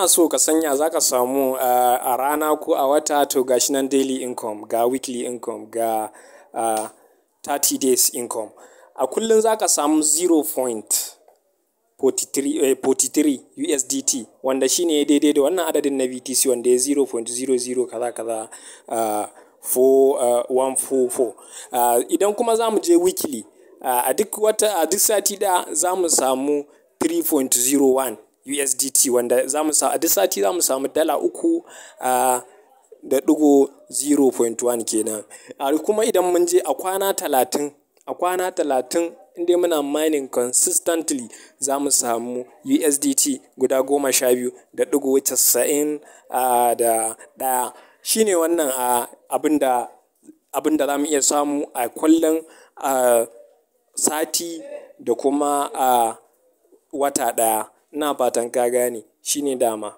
kana so ka sanya za ka samu eh, a rana ko a wata to ga shi nan daily income ga weekly income ga 30 eh, days income a kullum za ka samu 0.43 eh, USDT wanda shi ya daidai da wannan adadin na BTC wanda ya 0.00 kaza kaza 4144 idan kuma za mu je weekly a duk wata a duk sati da za mu samu 3.01 USDT wanda za mu a duk sati za mu samu dala uku a da ɗigo 0.1 kenan a kuma idan mun je a kwana talatin a kwana talatin inda muna mining consistently za mu samu USDT guda goma sha biyu da ɗigo casa'in a da ɗaya shine wannan abin da abin za mu iya samu a kullum a sati da kuma a wata ɗaya Ina fatan ka gane. Shi ne dama.